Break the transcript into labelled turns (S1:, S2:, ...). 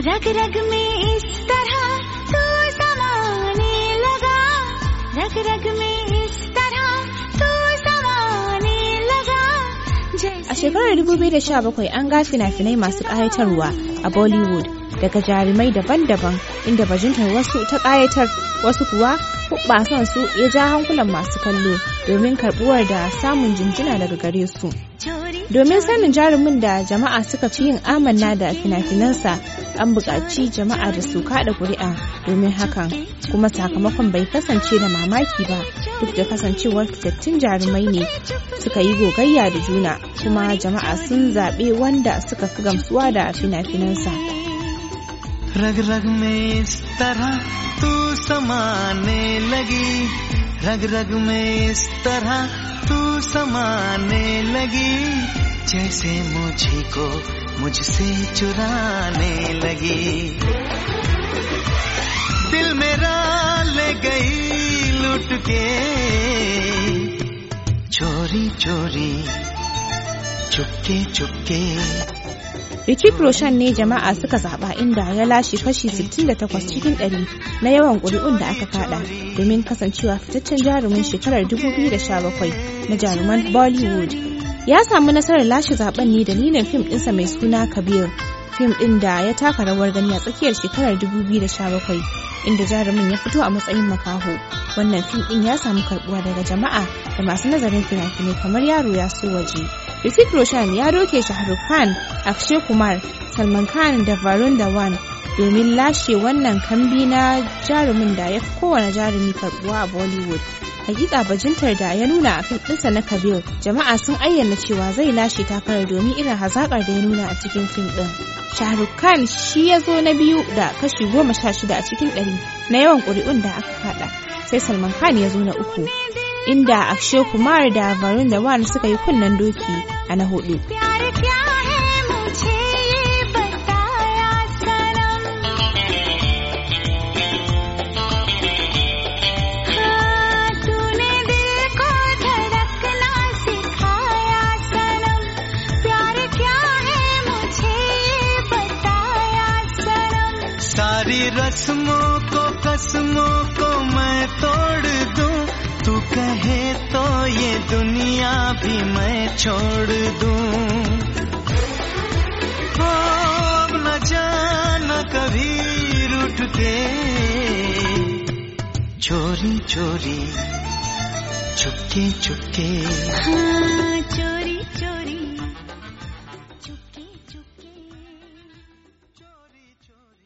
S1: रग रग में इस तरह तू समाने लगा रग रग में इस तरह तू समाने langa.
S2: A shekarar 2017 an ga fina-finai masu ƙayatarwa a Bollywood daga jarumai daban-daban inda bajintar wasu ta ƙayatar wasu kuwa hubbasan su ya ja hankulan masu kallo domin karɓuwar da samun jinjina daga gare su. Domin sanin jarumin da jama'a suka fi yin amanna da fina-finansa an buƙaci jama'a da su kaɗa ƙuri'a domin hakan kuma sakamakon bai kasance da mamaki ba duk da kasancewar fitattun jarumai ne suka yi gogayya da juna kuma jama'a sun zaɓe wanda suka fi gamsuwa da fina-finansa.
S1: rag रग में इस तरह तू रग रग में इस तरह तू समाने लगी जैसे मुझे को मुझसे चुराने लगी दिल मेरा ले गई लुट के चोरी चोरी चुपके Chupke
S2: Richie Proshan ne jama'a suka zaɓa inda ya lashe kashi 68 cikin 100 na yawan ƙuri'un da aka kaɗa domin kasancewa fitaccen jarumin shekarar 2017 na jaruman Bollywood. Ya samu nasarar lashe zaben ne dalilin fim ɗinsa mai suna Kabir, fim ɗin da ya taka rawar gani a tsakiyar shekarar 2017 inda jarumin ya fito a matsayin makaho. Wannan fim ɗin ya samu karɓuwa daga jama'a da masu nazarin fina-finai kamar yaro ya so waje. Ritik Roshan ya doke Shahrukh Khan, Akshay Kumar, Salman Khan da Varun Dhawan domin lashe wannan kambi na jarumin da ya fi kowane jarumi karbuwa a Bollywood. Hakika bajintar da ya nuna a ɗinsa na Kabir, jama'a sun ayyana cewa zai lashe takarar domin irin hazakar da ya nuna a cikin fim ɗin. Shahrukh Khan shi ya zo na biyu da kashi goma sha shida a cikin ɗari na yawan ƙuri'un da aka faɗa sai Salman Khan ya zo na uku. inda Akshay Kumar da Varun Dhawan suka yi kunnen doki a na hudu.
S1: रस्मों को कहे तो ये दुनिया भी मैं छोड़ दूं हो न जाना कभी रूठ के चोरी चोरी चुपके चुपके हाँ।